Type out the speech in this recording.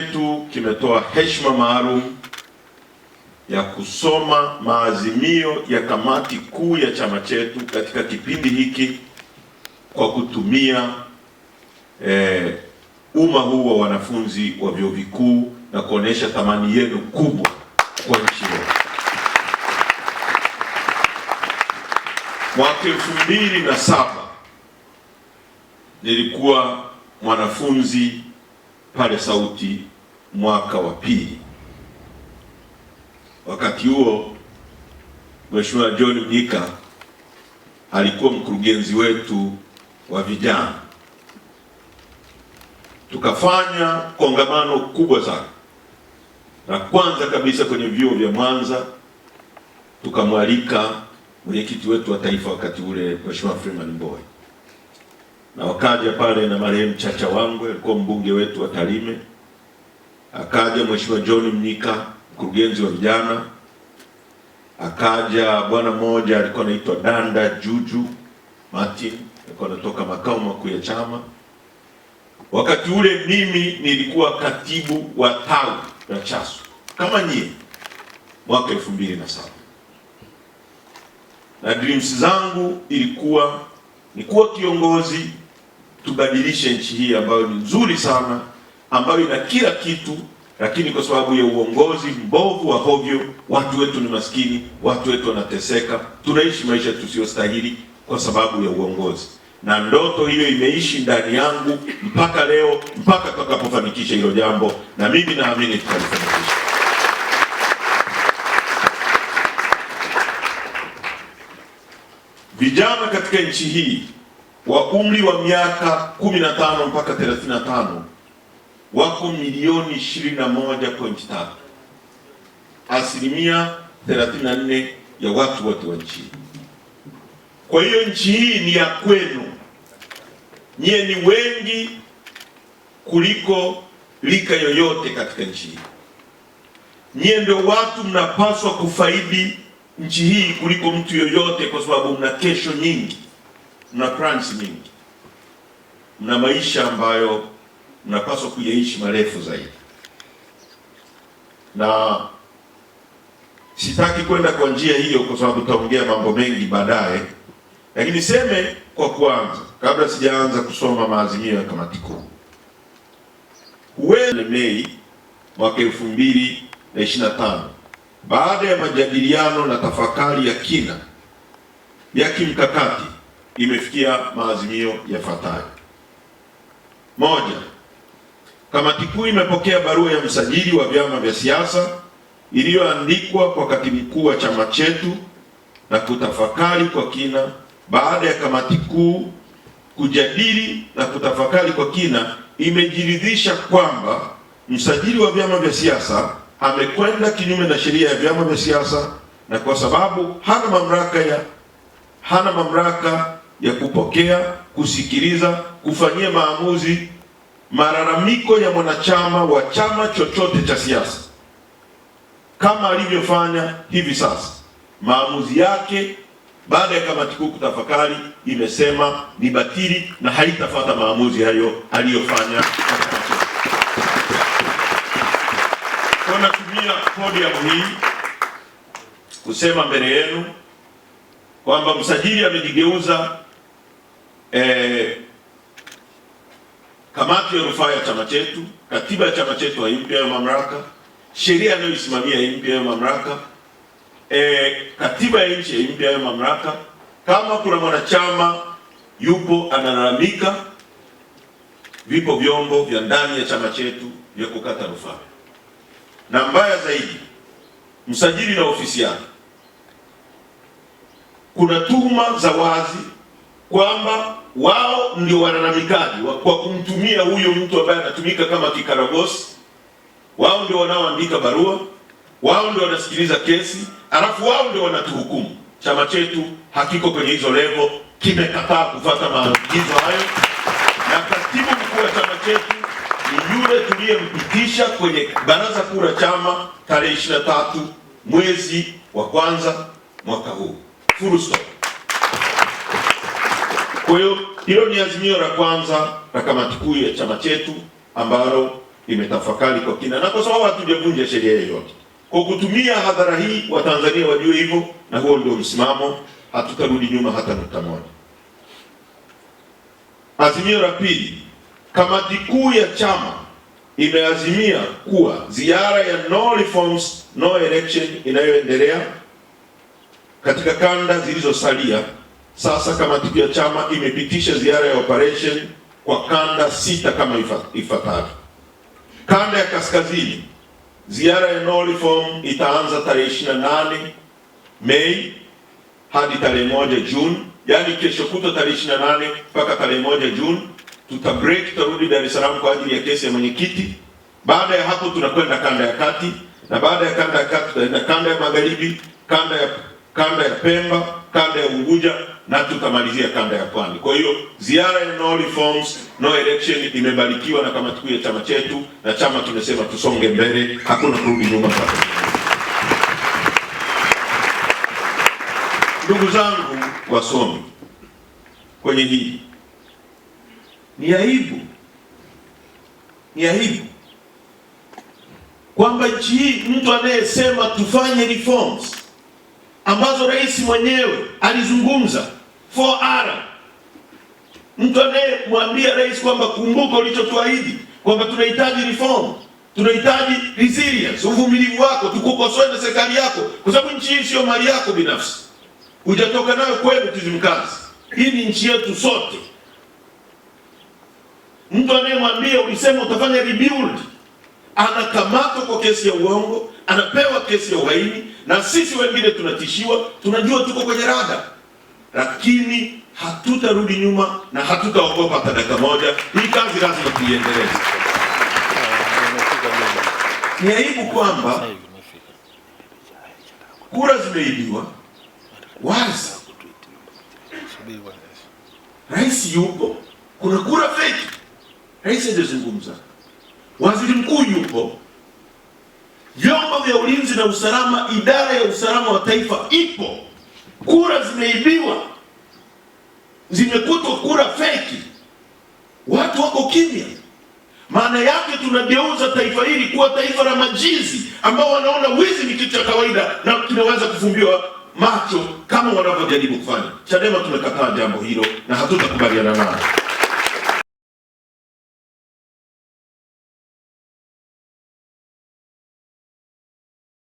kitu kimetoa heshima maalum ya kusoma maazimio ya kamati kuu ya chama chetu katika kipindi hiki kwa kutumia eh, umma huu wa wanafunzi wa vyuo vikuu na kuonesha thamani yenu kubwa kwa nchi yetu. Mwaka elfu mbili na saba nilikuwa mwanafunzi pale Sauti mwaka wa pili. Wakati huo Mheshimiwa John Mnyika alikuwa mkurugenzi wetu wa vijana. Tukafanya kongamano kubwa sana, na kwanza kabisa kwenye vyuo vya Mwanza tukamwalika mwenyekiti wetu wa taifa wakati ule Mheshimiwa Freeman Mbowe na wakaja pale na marehemu Chacha Wangwe, alikuwa mbunge wetu wa Tarime, akaja mheshimiwa John Mnyika, mkurugenzi wa vijana, akaja bwana mmoja alikuwa anaitwa Danda Juju Martin, alikuwa anatoka makao makuu ya chama. Wakati ule mimi nilikuwa katibu wa tawi la Chasu kama nyie, mwaka elfu mbili na saba na dreams zangu ilikuwa ni kuwa kiongozi tubadilishe nchi hii ambayo ni nzuri sana, ambayo ina kila kitu, lakini kwa sababu ya uongozi mbovu wa hovyo, watu wetu ni maskini, watu wetu wanateseka, tunaishi maisha tusiyostahili kwa sababu ya uongozi. Na ndoto hiyo imeishi ndani yangu mpaka leo, mpaka tutakapofanikisha hilo jambo, na mimi naamini tutalifanikisha. Vijana katika nchi hii wa umri wa miaka 15 mpaka 35 wako milioni 21.3, asilimia 34 ya watu wote wa nchi. Kwa hiyo nchi hii ni ya kwenu, nyie ni wengi kuliko lika yoyote katika nchi hii. Nyie ndio watu mnapaswa kufaidi nchi hii kuliko mtu yoyote, kwa sababu mna kesho nyingi mna crunch nyingi, mna maisha ambayo mnapaswa kuyaishi marefu zaidi, na sitaki kwenda kwa njia hiyo kwa sababu tutaongea mambo mengi baadaye, lakini seme kwa kwanza kabla sijaanza kusoma maazimio ya kamati kuu uwe Mei mwaka elfu mbili na ishirini na tano baada ya majadiliano na tafakari ya kina ya kimkakati imefikia maazimio yafuatayo: moja, kamati kuu imepokea barua ya msajili wa vyama vya siasa iliyoandikwa kwa katibu mkuu wa chama chetu na kutafakari kwa kina. Baada ya kamati kuu kujadili na kutafakari kwa kina, imejiridhisha kwamba msajili wa vyama vya siasa amekwenda kinyume na sheria ya vyama vya siasa, na kwa sababu hana mamlaka ya hana mamlaka ya kupokea, kusikiliza, kufanyia maamuzi malalamiko ya mwanachama wa chama chochote cha siasa, kama alivyofanya hivi sasa. Maamuzi yake baada ya kamati kuu kutafakari, imesema ni batili na haitafuata maamuzi hayo aliyofanya. Natumia podium hii kusema mbele yenu kwamba msajili amejigeuza e, kamati ya rufaa ya chama chetu, katiba ya chama chetu haimpi hayo mamlaka, sheria anayoisimamia haimpi hayo mamlaka, e, katiba ya nchi haimpi hayo mamlaka. Kama kuna mwanachama yupo analalamika, vipo vyombo vya ndani ya chama chetu vya kukata rufaa, na mbaya zaidi, msajili na ofisi yake kuna tuhuma za wazi kwamba wao ndio walalamikaji kwa kumtumia huyo mtu ambaye anatumika kama kikaragosi. Wao ndio wanaoandika barua, wao ndio wanasikiliza kesi, alafu wao ndio wanatuhukumu. Chama chetu hakiko kwenye hizo levo, kimekataa kufata maagizo hayo, na katibu mkuu wa chama chetu ni yule tuliyempitisha kwenye baraza kuu la chama tarehe 23 mwezi wa kwanza mwaka huu. Full stop. Kwa hiyo hilo ni azimio la kwanza la kamati kuu ya chama chetu ambalo imetafakari kwa kina, na kwa sababu hatujavunja sheria yoyote, kwa kutumia hadhara hii Watanzania wajue hivyo, na huo ndio msimamo, hatutarudi nyuma hata nukta moja. Azimio la pili, kamati kuu ya chama imeazimia kuwa ziara ya no reforms no election inayoendelea katika kanda zilizosalia sasa kamati ya chama imepitisha ziara ya operation kwa kanda sita kama ifuatavyo. Kanda ya kaskazini, ziara ya no reform itaanza tarehe 28 Mei hadi tarehe moja Juni, yaani kesho kutwa tarehe 28 mpaka tarehe moja Juni. Tuta break tutarudi Dar es Salaam kwa ajili ya kesi ya mwenyekiti. Baada ya hapo tunakwenda kanda ya kati, na baada ya kanda ya kati tutaenda kanda ya magharibi, kanda ya kanda ya Pemba kanda ya Unguja na tutamalizia kanda ya Pwani. Kwa hiyo ziara ya no reforms no election imebarikiwa na kamati kuu ya chama chetu, na chama tumesema tusonge mbele, hakuna kurudi nyuma. Ndugu zangu wasomi kwenye hili, ni aibu, ni aibu kwamba nchi hii mtu anayesema tufanye reforms ambazo rais mwenyewe alizungumza 4R. Mtu anayemwambia rais kwamba kumbuka ulichotuahidi kwamba tunahitaji reform, tunahitaji resilience, uvumilivu wako, tukukosoe na serikali yako, kwa sababu nchi hii sio mali yako binafsi, hujatoka nayo kwenu Kizimkazi. Hii ni nchi yetu sote. Mtu anayemwambia ulisema utafanya rebuild, anakamatwa kwa kesi ya uongo anapewa kesi ya uhaini, na sisi wengine tunatishiwa, tunajua tuko kwenye rada, lakini hatutarudi nyuma na hatutaogopa hata dakika moja. Hii kazi lazima tuiendeleze. Ni aibu kwamba kura zimeibiwa wazi, rais yupo, kuna kura feki, rais hajazungumza, waziri mkuu yupo vyombo vya ulinzi na usalama, idara ya usalama wa taifa ipo, kura zimeibiwa, zimekutwa kura feki, watu wako kimya. Maana yake tunageuza taifa hili kuwa taifa la majizi ambao wanaona wizi ni kitu cha kawaida na kinaweza kufumbiwa macho kama wanavyojaribu kufanya. Chadema tumekataa jambo hilo na hatutakubaliana nalo.